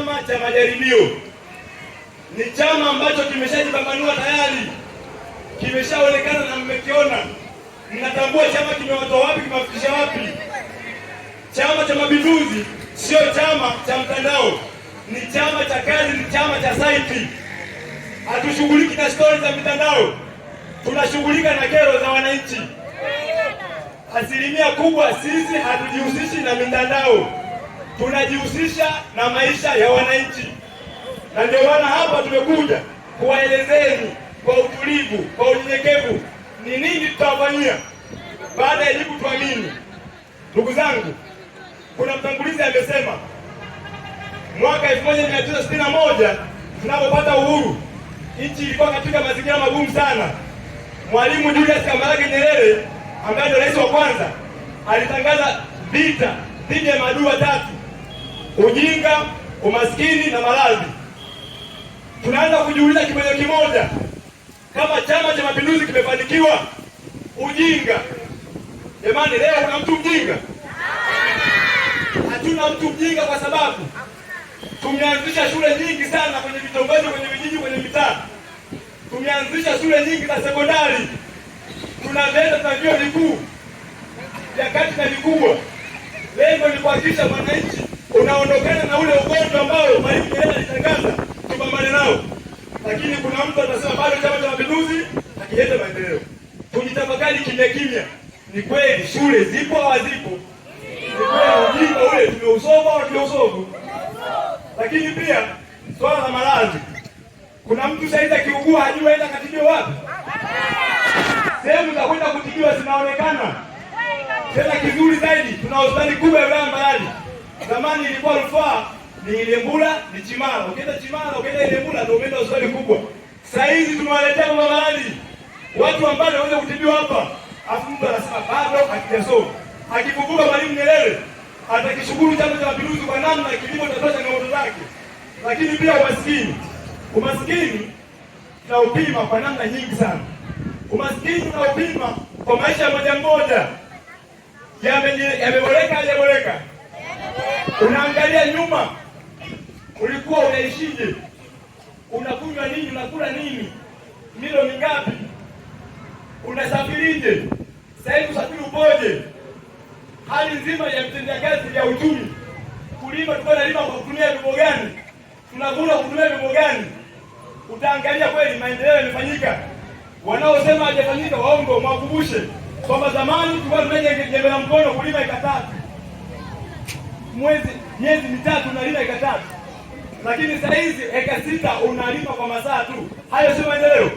chama cha majaribio ni chama ambacho kimeshajipambanua tayari, kimeshaonekana na mmekiona, mnatambua chama kimewatoa wapi, kimewafikisha wapi. Chama cha Mapinduzi sio chama cha mtandao, ni chama cha kazi, ni chama cha saiti. Hatushughuliki na stori za mitandao, tunashughulika na kero za wananchi. Asilimia kubwa sisi hatujihusishi na mitandao tunajihusisha na maisha ya wananchi, na ndio maana hapa tumekuja kuwaelezeni kwa utulivu, kwa unyenyekevu ni nini tutawafanyia baada ya jibu tuamini. Ndugu zangu, kuna mtangulizi amesema mwaka 1961 tunapopata uhuru nchi ilikuwa katika mazingira magumu sana. Mwalimu Julius Kambarage Nyerere ambaye ndio rais wa kwanza alitangaza vita dhidi ya maadui watatu ujinga, umaskini na maradhi. Tunaanza kujiuliza kimoja kimoja, kama Chama cha Mapinduzi kimefanikiwa ujinga. Jamani, leo kuna mtu mjinga? Hatuna mtu mjinga, kwa sababu tumeanzisha shule nyingi sana kwenye vitongoji, kwenye vijiji, kwenye mitaa. Tumeanzisha shule nyingi za sekondari, tuna venda na vyuo vikuu vya kati na vikubwa. Lengo ni kuhakikisha mwananchi unaondokana na ule ugonjwa ambao Mwalimu Nyerere alitangaza tupambane nao. Lakini kuna mtu atasema bado Chama cha Mapinduzi akileta maendeleo. Kujitafakari kimya kimya, ni kweli shule zipo au hazipo? Ni kweli ujinga ule tumeusoma au tumeusoma? Lakini pia swala la maradhi, kuna mtu saizi akiugua hajui aenda katibiwa wapi. Sehemu za kwenda kutibiwa zinaonekana tena. Kizuri zaidi, tuna hospitali kubwa ya wilaya Mbarali Zamani ilikuwa rufaa ni Ilembula ni Chimala, ukienda Chimala ukienda Ilembula ndio umeenda hospitali kubwa. Sasa hizi tumewaletea kwa mamalali watu ambao wanaweza kutibiwa hapa, afu mtu anasema bado hakijasoma. Akikumbuka Mwalimu Nyerere atakishukuru Chama cha Mapinduzi kwa namna kilimo cha changamoto zake, lakini pia umaskini. Umaskini tunaupima kwa namna nyingi sana. Umaskini tunaupima kwa maisha moja moja, yameboreka hajaboreka unaangalia nyuma, ulikuwa unaishije, unakunywa nini, unakula nini, milo mingapi, unasafirije, sasa hivi usafiri upoje, hali nzima ya vitendea kazi ya uchumi, kulima, tulikuwa nalima kwa kutumia vyombo gani, tunavuna kutumia vyombo gani? Utaangalia kweli maendeleo yamefanyika. Wanaosema hajafanyika waongo, mwakumbushe kwamba zamani tulikuwa tunaje jembe la mkono kulima ikatatu mwezi miezi mitatu unalima eka tatu, lakini saa hizi eka sita unalima kwa masaa tu. Hayo sio maendeleo?